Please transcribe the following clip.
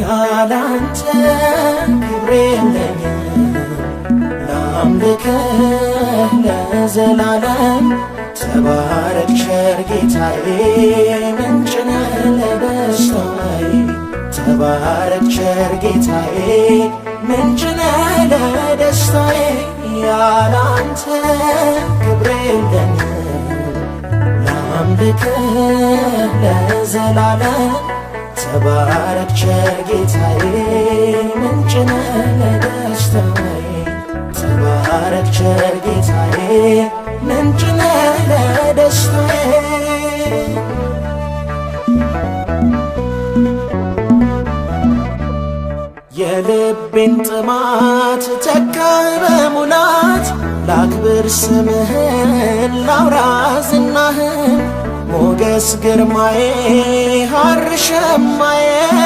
ያላንተ ክብር የለኝም ላምልክህ ለዘላለም ተባረክ ቸር ጌታዬ ምንጭነህ ለደስታዬ ተባረክ ቸር ጌታዬ ምንጭነህ ለደስታዬ ያላንተ ክብር የለኝም ላምልክህ ለዘላለም ተባረክ ቸር ጌታዬ ምንጭ ነህ ለደስታዬ ተባረክ ቸር ጌታዬ ምንጭ ነህ ለደስታዬ የልቤን ጥማት ተካ በሙላት ላክብር ስምህን ላውራ ዝናህን ሞገስ ግርማዬ ሀር ሸማዬ